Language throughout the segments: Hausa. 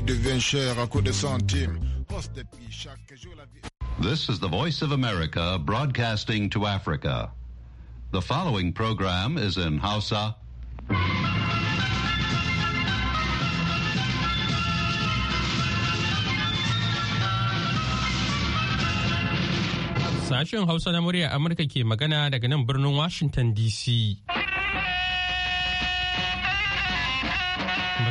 prix devient cher à coups de centimes. This is the Voice of America broadcasting to Africa. The following program is in Hausa. Sashen Hausa na murya Amurka ke magana daga nan birnin Washington DC.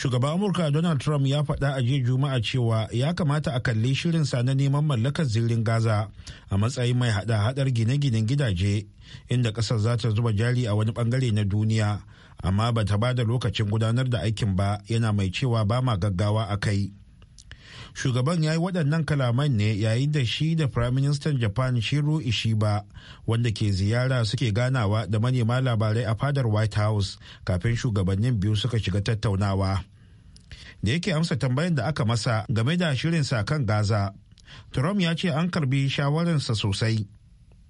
Shugaban Amurka Donald Trump ya faɗa a jiya Juma'a cewa ya kamata a kalli shirinsa na neman mallakar zirin Gaza a matsayin mai hada hadar gine-ginen gidaje inda ƙasar za ta zuba jari a wani bangare na duniya amma ba ta bada lokacin gudanar da aikin ba yana mai cewa ba ma gaggawa a kai. Shugaban ya yi waɗannan kalaman ne yayin da shi da Prime Minister Japan Shiro Ishiba wanda ke ziyara suke ganawa da manema labarai a fadar White House kafin shugabannin biyu suka shiga tattaunawa. da yake amsa tambayar da aka masa game da shirinsa kan gaza trump ya ce an karbi shawararsa sosai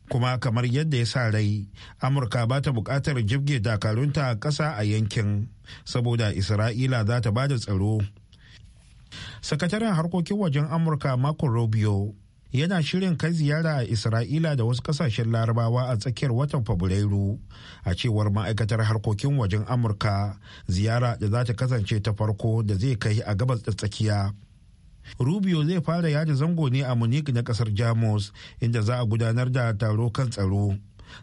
kuma kamar yadda ya sa rai amurka ba ta bukatar jibge dakarunta ƙasa a yankin saboda isra'ila za ta ba da tsaro sakataren harkokin wajen amurka marco rubio yana shirin kai ziyara a isra'ila da wasu kasashen larabawa a tsakiyar watan fabrairu a cewar ma'aikatar harkokin wajen amurka ziyara da za ta kasance ta farko da zai kai a gabas da tsakiya rubio zai fara yada zango ne a munich na kasar jamus inda za a gudanar da taro kan tsaro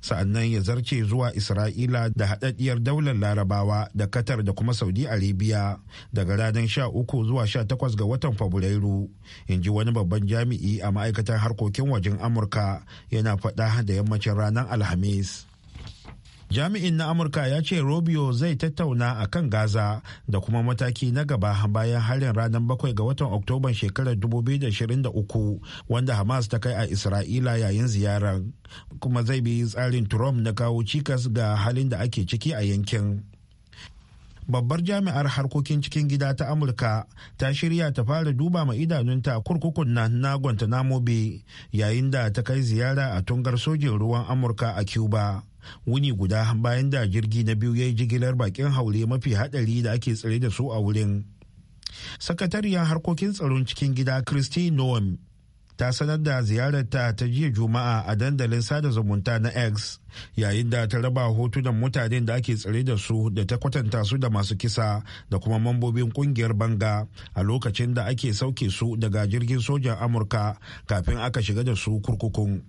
sa'annan ya zarce zuwa isra'ila da haɗaɗɗiyar daular larabawa da qatar da kuma saudi arabia daga ranar sha uku zuwa sha takwas ga watan fabrairu in ji wani babban jami'i a ma'aikatar harkokin wajen amurka yana faɗa da yammacin ranar alhamis jami'in na amurka ya ce robio zai tattauna a kan gaza da kuma mataki na gaba bayan harin ranar bakwai ga watan oktoban shekarar 2023 wanda hamas ta kai a isra'ila yayin ziyarar kuma zai bi tsarin trump na kawo cikas ga halin da ake ciki a yankin babbar jami'ar harkokin cikin gida ta amurka ta shirya ta fara duba ma idanunta kurkukun na na guantanamo bay yayin da ta kai ziyara a tungar sojin ruwan amurka a cuba wuni guda bayan da jirgi na biyu ya yi jigilar bakin haure mafi hadari da ake tsare da su a wurin sakatariyar harkokin tsaron cikin gida christy noam ta sanar da ziyararta ta jiya juma'a a dandalin sada zumunta na x yayin da ta raba hotunan mutanen da ake tsare da su da ta kwatanta su da masu kisa da kuma mambobin kungiyar banga a lokacin da ake sauke su daga jirgin sojan amurka kafin aka shiga da su kurkukun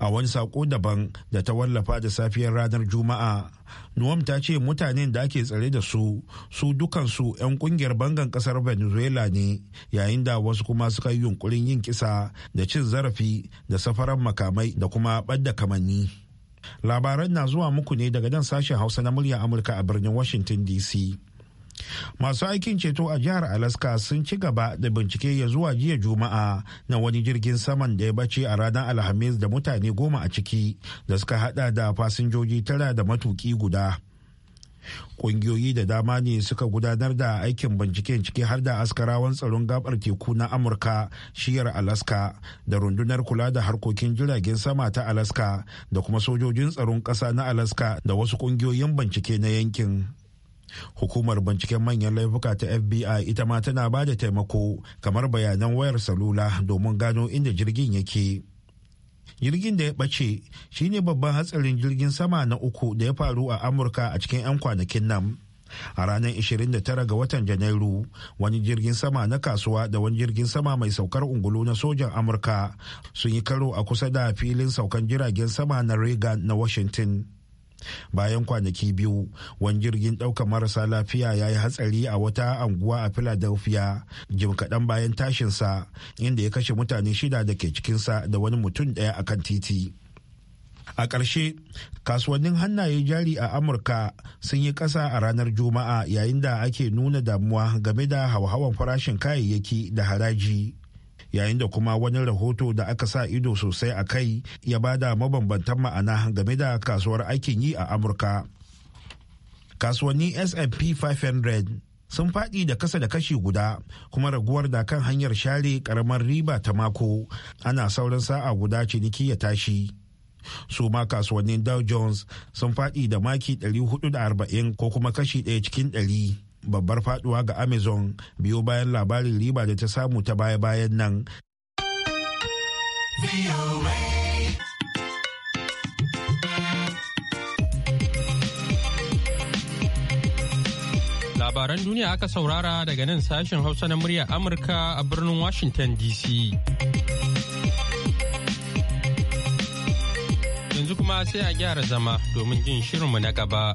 a wani sako daban da ta wallafa da safiyar ranar juma'a nuwam ta ce mutanen da ake tsare da su su dukansu 'yan kungiyar bangan kasar venezuela ne yayin da wasu kuma suka yi yunkurin yin kisa da cin zarafi da safaran makamai da kuma ɓadda kamanni labaran na zuwa muku ne daga nan sashen hausa na murya amurka a birnin washington dc masu aikin ceto a jihar alaska sun ci gaba da bincike ya zuwa jiya juma'a na wani jirgin saman da ya bace a ranar alhamis da mutane goma a ciki da suka hada da fasinjoji tara da matuki guda kungiyoyi da dama ne suka gudanar da aikin binciken ciki har da askarawan tsaron gabar teku na amurka shiyar alaska da rundunar kula da harkokin jiragen sama ta alaska da kuma sojojin tsaron ƙasa na alaska da wasu kungiyoyin bincike na yankin hukumar binciken manyan laifuka ta fbi ita ma tana ba da taimako kamar bayanan wayar salula domin gano inda jirgin yake jirgin da ya ɓace shine babban hatsarin jirgin sama na uku da ya faru a amurka a cikin 'yan kwanakin nan a ranar 29 ga watan janairu wani jirgin sama na kasuwa da wani jirgin sama mai saukar ungulu na sojan amurka sun yi karo a kusa da filin saukan jiragen sama na reagan na washington bayan kwanaki biyu wani jirgin ɗaukar marasa lafiya ya yi hatsari a wata anguwa a philadelphia jim kaɗan bayan tashinsa inda ya kashe mutane shida da ke cikinsa da wani mutum ɗaya a kan titi a ƙarshe kasuwannin hannaye jari a amurka sun yi ƙasa a ranar juma'a yayin da ake nuna damuwa game da hauhawan farashin kayayyaki da haraji yayin da kuma wani rahoto da aka sa ido sosai a kai ya bada mabambantan ma'ana game da kasuwar aikin yi a amurka kasuwanni S&P 500 sun faɗi da kasa da kashi guda kuma raguwar da kan hanyar share karamar riba ta mako ana sauran sa'a guda ciniki ya tashi su ma kasuwannin dow jones sun faɗi da maki 440 ko kuma kashi ɗaya cikin ɗari babbar faduwa ga amazon biyo bayan labarin riba da ta samu ta baya-bayan nan labaran duniya aka saurara daga nan sashen hausa na murya amurka a birnin washington dc yanzu kuma sai a gyara zama domin jin shirinmu na gaba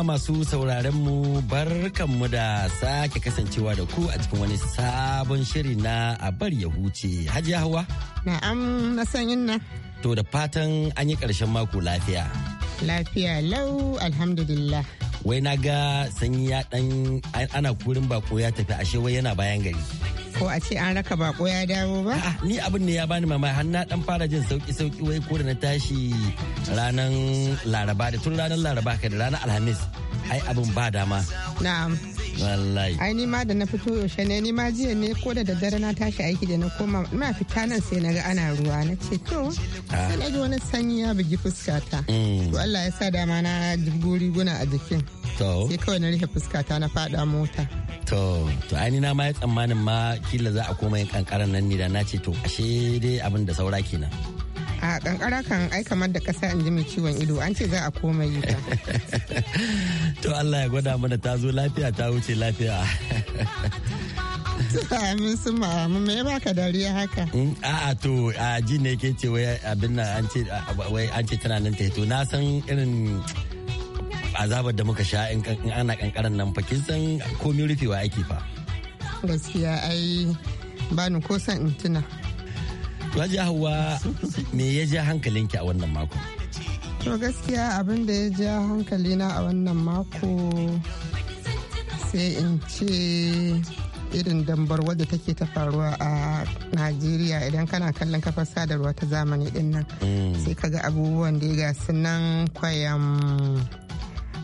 masu sauraren mu barkanmu da sake kasancewa da ku a cikin wani sabon shiri na a bar ya huce. Hajiya Hawa? Na'am na sanyin nan. To da fatan an yi ƙarshen mako lafiya. Lafiya lau alhamdulillah. Wai na ga sanyi ya ɗan ana kurin bako ya tafi ashe wai yana bayan gari. ko a ce an raka bako ya dawo ba ni abin ne ya bani mama har na dan fara jin sauki sauki wai ko da na tashi ranar laraba da tun ranar laraba ka da ranar alhamis ai abin ba dama na'am wallahi ai ni ma da na fito yaushe ne ni ma jiya ne ko da daddare na tashi aiki da na koma ina fita nan sai na ga ana ruwa na ce to ah. sai na ji wani sanyi ya bugi fuskata mm. to Allah ya sa dama na guri guna a jikin to sai kawai na rufe fuskata na fada mota to to ai ni na ma ya tsammanin ma kila za a koma yin kankaran nan ne da na ce to ashe dai abin da saura kenan a kankara kan ai kamar da kasa in ji mai ciwon ido an ce za a koma yi ta to Allah ya gwada mana ta zo lafiya ta wuce lafiya amin sun ma'amu me ya baka dariya haka mm, a'a to a ji ne ke ce wai abin nan an ce tana nan ta na san irin azabar da muka sha in ana kankaran nan fa kin san komai rufewa ake fa gaskiya ai bani ko san in tuna Raji Hauwa me ya ja hankalinki a wannan mako? To gaskiya abin da ya ja hankalina a wannan mako sai in ce irin dambar wadda take ta faruwa a Najeriya idan kana kallon kafar sadarwa ta zamani din nan mm. sai kaga abubuwan da ya gasu nan kwayan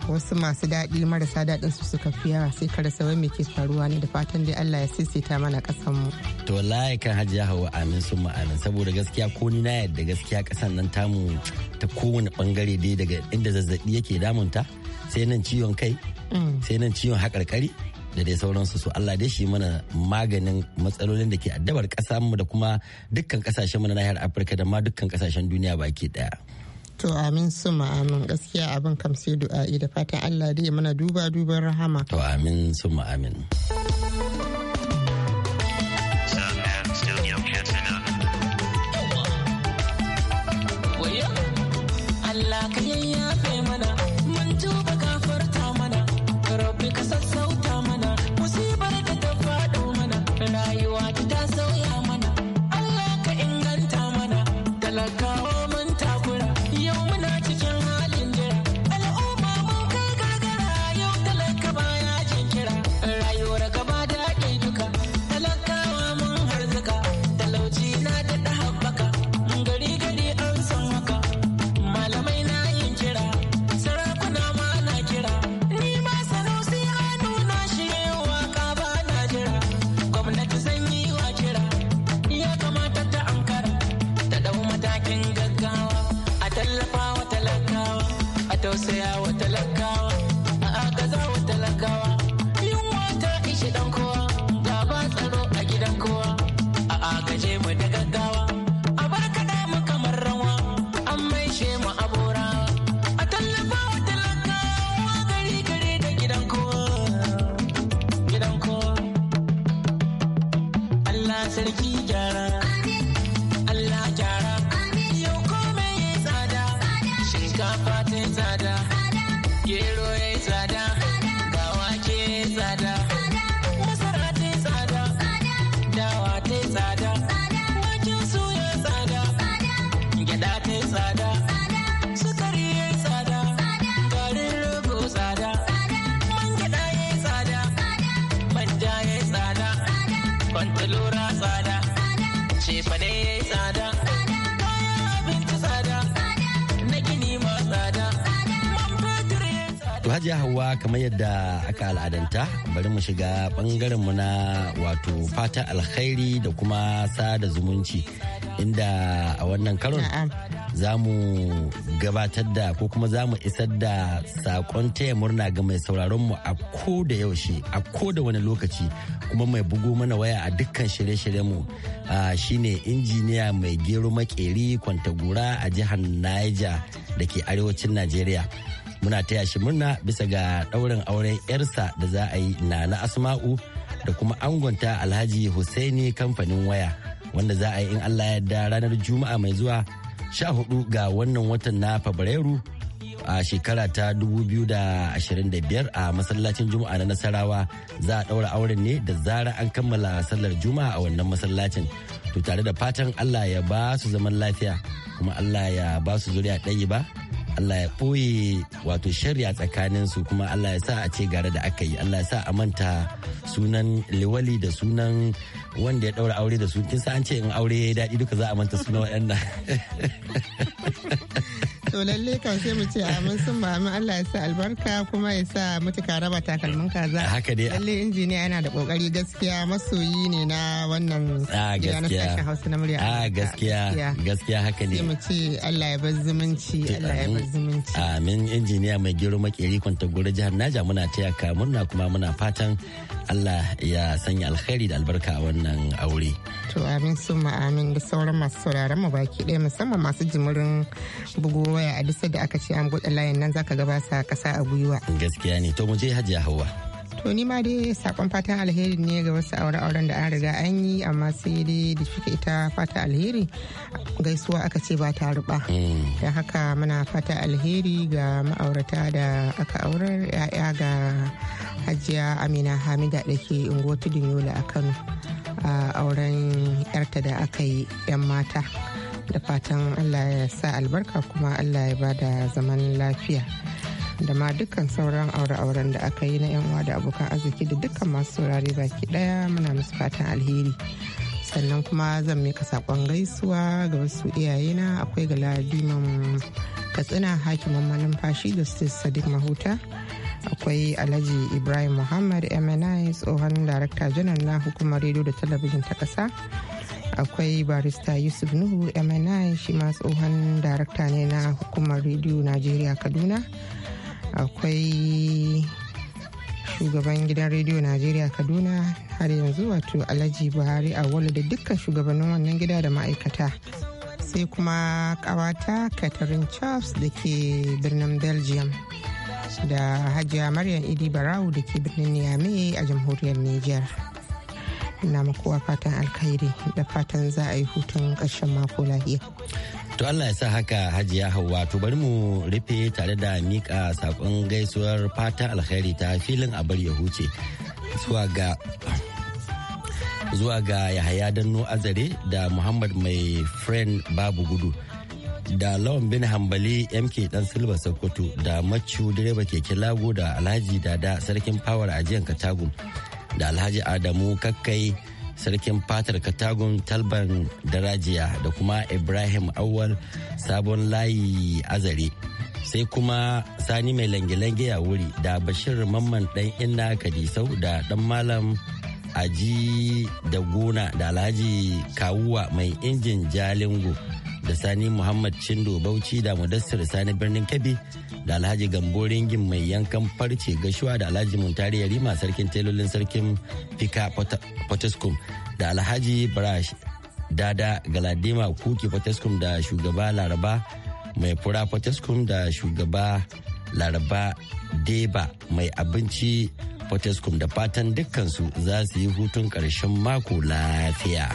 wasu masu daɗi marasa daɗin su suka fi yawa sai ka rasa wai me ke faruwa ne da fatan dai Allah ya sisita mana ƙasan mu. To wallahi kan hajiya hawa amin sun ma'amin saboda gaskiya ko ni na yadda gaskiya ƙasan nan tamu ta kowane bangare dai daga inda zazzabi yake damunta sai nan ciwon kai mm. sai nan ciwon haƙarƙari da dai sauransu su Allah dai shi mana maganin matsalolin da ke addabar ƙasa mu da kuma dukkan ƙasashen mu na nahiyar Afirka da ma dukkan kasashen duniya baki ɗaya. To amin su amin gaskiya abin kam sai du'a'i da fatan Allah dai mana duba duban rahama. To amin su amin. tsada ce To hajiya hawa kamar yadda aka al'adanta bari mu shiga bangaren mu na wato fata alkhairi da kuma sada zumunci inda a wannan karon za mu gabatar da ko kuma za mu isar da sakon taya murna ga mai sauraron mu a ko da yaushe a ko da wani lokaci kuma mai bugo mana waya a dukkan shirye-shiryen mu shine injiniya mai gero makeri kwantagura a jihar Niger da ke arewacin Najeriya. Muna taya shi murna bisa ga ɗaurin auren 'yarsa da za a yi na Asma'u da kuma angonta Alhaji Hussaini kamfanin waya wanda za a yi in Allah ya da ranar Juma'a mai zuwa 14 ga wannan watan na Fabrairu a shekara ta 2025 a masallacin Juma'a na Nasarawa za a ɗaura auren ne da zara an kammala sallar Juma'a a wannan masallacin. To tare da fatan Allah ya ba su zaman lafiya kuma Allah ya ba su zuriya ɗayi ba. Allah ya ɓoye wato shari'a tsakaninsu kuma Allah ya sa a ce gare da aka yi Allah ya sa a manta sunan liwali da sunan wanda ya daura aure da su kin an ce in aure ya yi daɗi duka za a manta suna waɗanda to lalle kan sai mu ce amin sun ba mu Allah ya sa albarka kuma ya sa mutuka raba takalmin kaza haka dai lalle injiniya yana da kokari gaskiya masoyi ne na wannan gida na sashen Hausa na murya Ah gaskiya gaskiya haka ne sai mu ce Allah ya bar zumunci Allah ya bar zumunci amin injiniya mai gero makeri kwanta gore jihar Naja muna taya ka murna kuma muna fatan Allah ya sanya alkhairi da albarka a wannan aure to amin su amin da sauran masu sauraron mu baki ɗaya musamman masu jimurin bugu waya a duk da aka ce an buɗe layin nan zaka gaba sa kasa a gwiwa gaskiya ne to mu je hajiya hawa to ni ma dai sakon fatan alheri ne ga wasu aure-auren da an riga an yi amma sai dai da shi ita fata alheri gaisuwa aka ce ba ta ruba mm. don haka muna fata alheri ga ma'aurata da aka aurar 'ya'ya ga hajiya amina hamida da ke unguwar tudun yola a kano a auren yarta da aka yi 'yan mata da fatan allah ya sa albarka kuma allah ya ba da zaman lafiya da ma dukkan sauran aure-auren da aka yi na 'yan uwa da abokan arziki da dukkan masu saurari baki daya muna musu fatan alheri sannan kuma zan mika sakon gaisuwa ga wasu iyayena akwai ga ladiman katsina hakiman manumfashi da sadiq mahuta akwai alhaji ibrahim muhammad mni tsohon darakta janar na hukumar rediyo da talabijin ta ƙasa akwai barista yusuf nuhu mni shi ma tsohon darakta ne na hukumar rediyo najeriya kaduna akwai shugaban gidan rediyo najeriya kaduna har yanzu wato alhaji buhari awolu da dukkan shugabannin wannan gida da ma'aikata sai kuma kawata catherine charles da ke birnin belgium da hajiya maryam idi barawu da ke birnin niamey a jamhuriyar niger na makuwa fatan alkhairi da fatan za a yi hutun karshen mako lahiya. to allah ya sa haka hajiya Hauwa to bari mu rufe tare da mika sakon gaisuwar fatan alkhairi ta filin abar ya huce zuwa ga zuwa ga yahaya danno azare da muhammad mai friend babu gudu da lawan bin hambali mk dan silba sokoto da macu direba keke lago da alhaji dada sarkin fawar ajiyar katagun da alhaji adamu kakkai sarkin fatar katagun talban darajiya da kuma ibrahim awal sabon layi azare sai kuma sani mai lange-lange a wuri da bashir mamman dan inna kadisau da dan malam aji da gona da alhaji kawuwa mai injin jalingo da sani muhammad cindo bauchi da mudassir sani birnin kebbi da alhaji gambo ringin mai yankan farce gashuwa da alhaji muntari yarima sarkin telolin sarkin fika potoskum da alhaji brash dada galadima kuki potoskum da shugaba laraba mai fura potoskum da shugaba laraba deba mai abinci potoskum da fatan dukkansu za su yi hutun ƙarshen mako lafiya.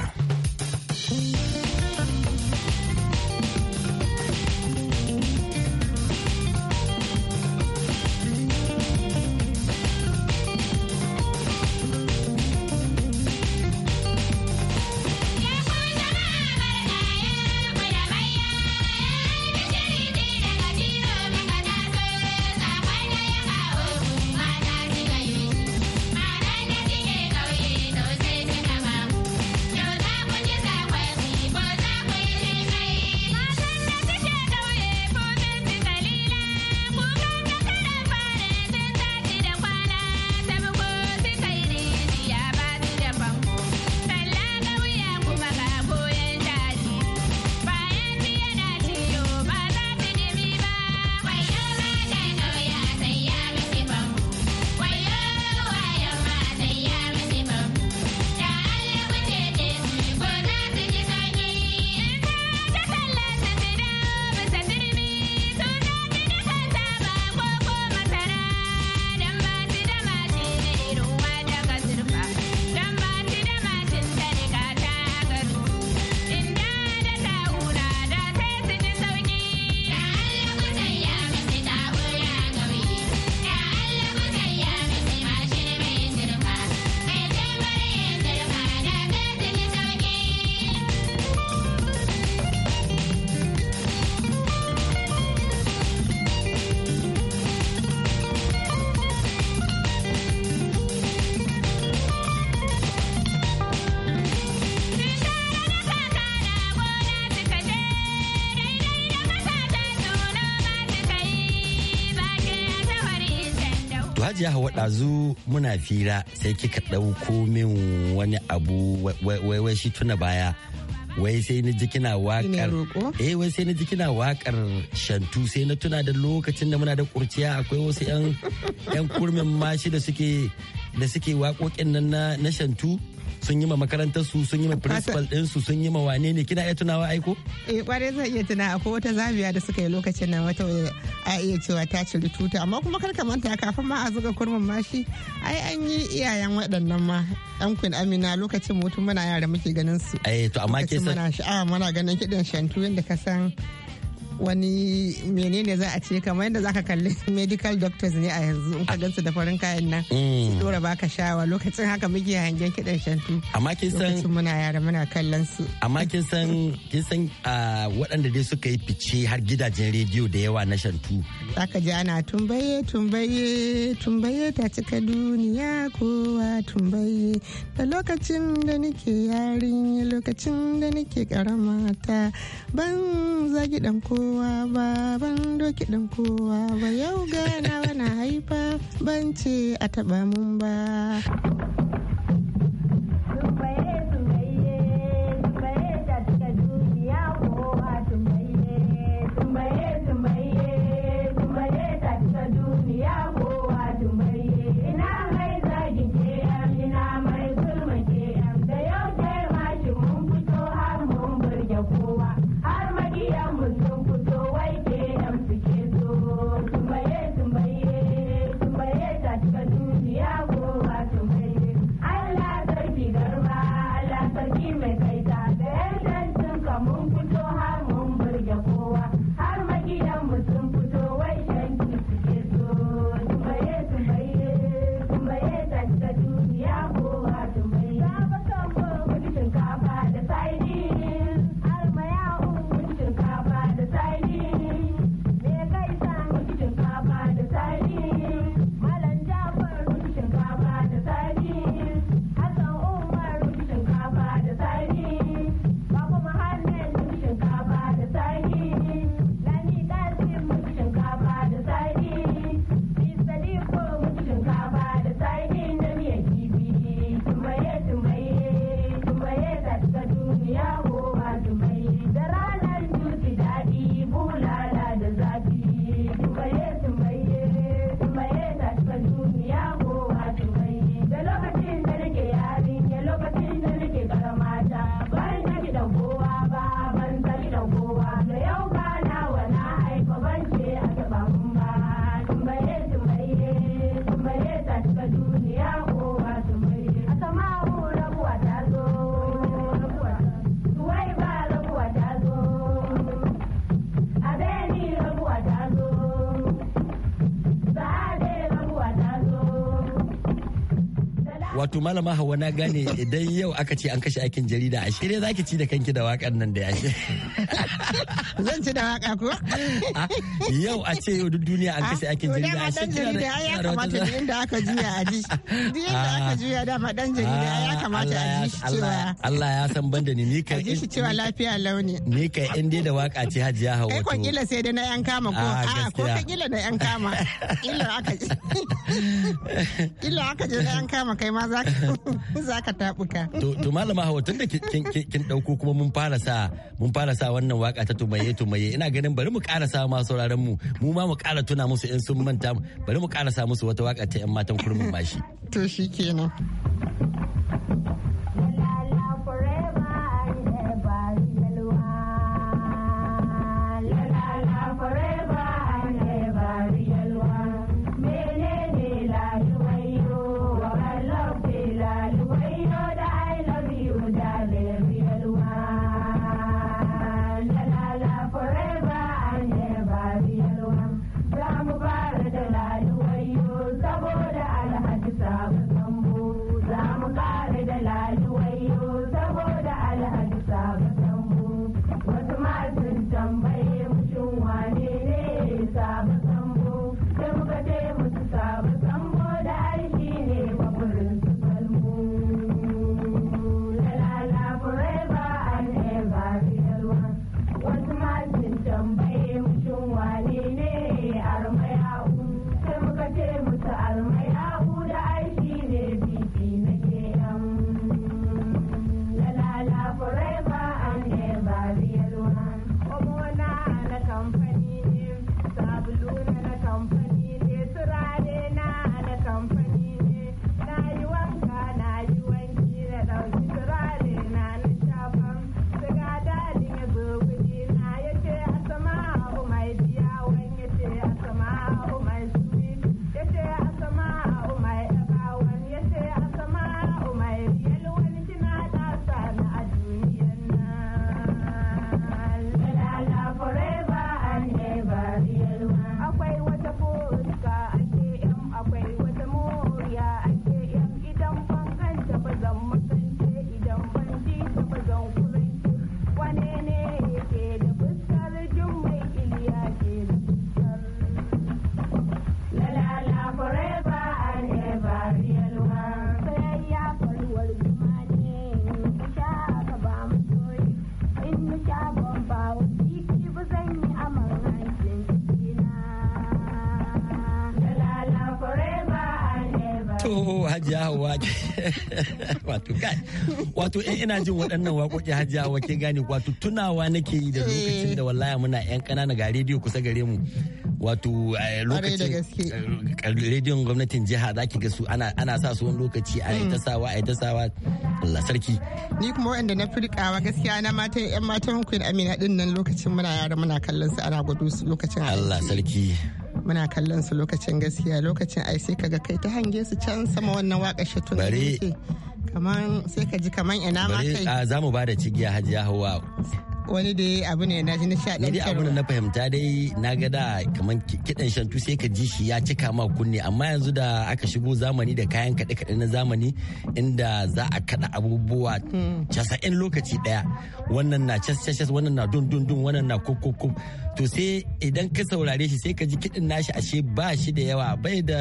hajiya hawaɗazu muna fira sai kika ɗauko min wani abu wai shi tuna baya wai sai na ji kina wakar eh wai sai na ji kina wakar shantu sai na tuna da lokacin da muna da kurciya akwai wasu yan kurmin mashi da suke da suke waƙoƙin nan na shantu sun yi ma makarantar su sun yi ma principal din su sun yi ma wane ne kina iya tunawa aiko eh kware zan iya tuna akwai wata zabiya da suka yi lokacin nan wata a iya cewa ta ci tuta amma kuma kar ka manta kafin ma a zuga kurmin mashi ai an yi iyayen waɗannan ma dan kun amina lokacin mutum muna yara muke ganin su eh to amma ke san muna sha'awa muna ganin kidan shantu yanda ka san wani menene za a ce kamar yadda zaka kalli medical doctors ne a yanzu in ka gansu da farin kayan nan su mm. dora baka shawa lokacin haka muke hangen kiɗan shantu amma kin san lokacin muna yara muna kallon su amma kin san kin san ah, waɗanda dai suka yi fice har gidajen rediyo da yawa na shantu zaka ji ana tumbaye tumbaye tumbaye ta cika duniya kowa tumbaye da lokacin da nake yarinya lokacin da nake karamata ban zagi dan kowa kowa ba ban doki ɗin kowa ba yau gana wana haifa ban ce a taɓa mun ba. wato malama hawa na gane idan yau aka ce an kashe aikin jarida a shirya za ki ci da kanki da wakan nan da yashe. Zan ci da waka ko? Ah, yau a ce yau duk duniya an kashe aikin ah, jarida a shirye. da ya kamata da inda aka juya a ji. da inda aka ah. juya dama dan jarida ya kamata a ji shi cewa. Allah ya san banda ni. A ji shi cewa lafiya launi. Ni kai in dai da waka ce hajiya hawa. Kai kwan kila sai da na yan kama ko. a ko ka kila na yan kama. illa aka illa aka je na yan kama kai ma za ka tabuka to malama hawa tun da kin ɗauko kuma mun fara sa mun fara sa wannan waka ta tumaye tumaye ina ganin bari mu ƙara sa ma sauraron mu mu ma mu ƙara tuna musu in sun manta bari mu ƙara sa musu wata waka ta yan matan kurmin bashi to shikenan waƙe wato wato in eh, ina jin waɗannan waƙoƙi hajiya wake gane wato tunawa nake yi da lokacin da wallahi muna yan ƙanana ga rediyo kusa gare mu wato eh, lokacin eh, rediyon gwamnatin jiha za ki ga su ana sa su wani lokaci a ita hmm. sawa a ita sawa Allah sarki ni kuma waɗanda na firkawa gaskiya na matan yan matan queen amina din nan lokacin muna yara muna kallon su ana gudu lokacin Allah sarki muna kallon su lokacin gaskiya lokacin ai sai kaga kai ta hange su can sama wannan waka shatun bare kaman sai ka ji kaman ina ma kai za mu ba da cigiya hajiya hawa wani da abu ne na abu ne na fahimta dai na ga da kamar kiɗan shantu sai ka ji shi ya cika ma kunne amma yanzu da aka shigo zamani da kayan kaɗe-kaɗe na zamani inda za a kaɗa abubuwa casa'in lokaci ɗaya wannan na cas cas wannan na dun dun dun wannan na kuk to sai idan ka saurare shi sai ka ji kiɗin nashi ashe ba shi da yawa bai da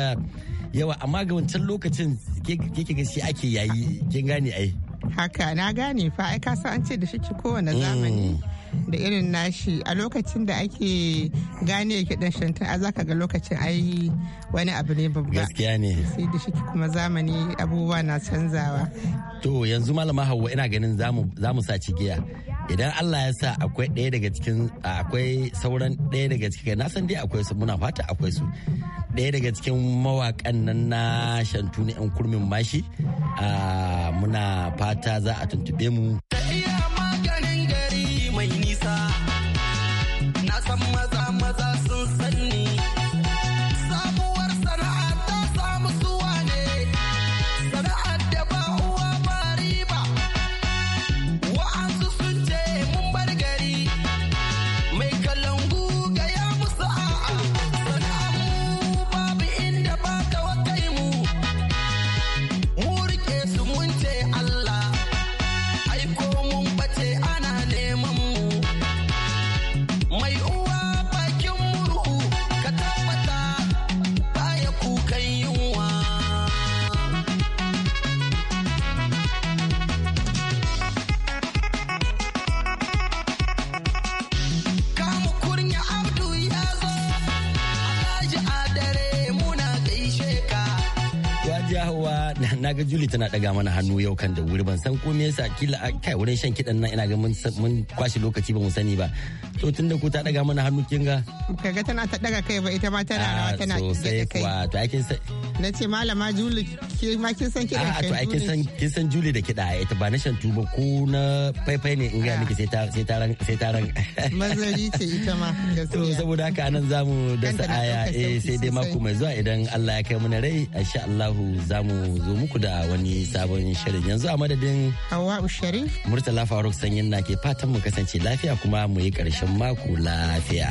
yawa amma ga wancan lokacin ke ke ga shi ake yayi kin gane ai. haka na gane fa ai ka an ce da shike kowane mm. zamani da irin nashi a lokacin da ake gane kiɗan shantan a zaka ga lokacin ai wani abu ne babba gaskiya ne sai da shi kuma zamani abubuwa na canzawa to yanzu malama Hauwa ina ganin zamu sa giya idan Allah ya sa akwai ɗaya daga cikin akwai sauran ɗaya daga cikin na san dai akwai su muna fata akwai su ɗaya daga cikin mawaƙan nan na ne yan kurmin mashi Ah, muna fata za a tuntube mu. Tafiya maganin gari mai nisa, na san maza na ga Julie tana daga mana hannu yau kan da wuri ban san ko me yasa kila kai wurin shan kiɗan nan ina ga mun mun kwashi lokaci ba mu sani ba. To tunda ku ta daga mana hannu kin ga. Kaga tana ta daga kai ba ita ma tana rawa ah, tana sosai to na ce malama juli ke ma kin san kiɗa a to ai kin san juli da kiɗa ita ba na shan tuba ko na faifai ne in ga miki sai ta ran sai ta ran mazari ce ita ma to saboda haka anan zamu da sa'aya eh sai dai mako mai zuwa idan Allah ya kai mu na rai insha Allah zamu zo muku da wani sabon shirin yanzu a madadin Hawwa Sharif Murtala Faruk Sanyin na ke fatan mu kasance lafiya kuma mu yi karshen mako lafiya.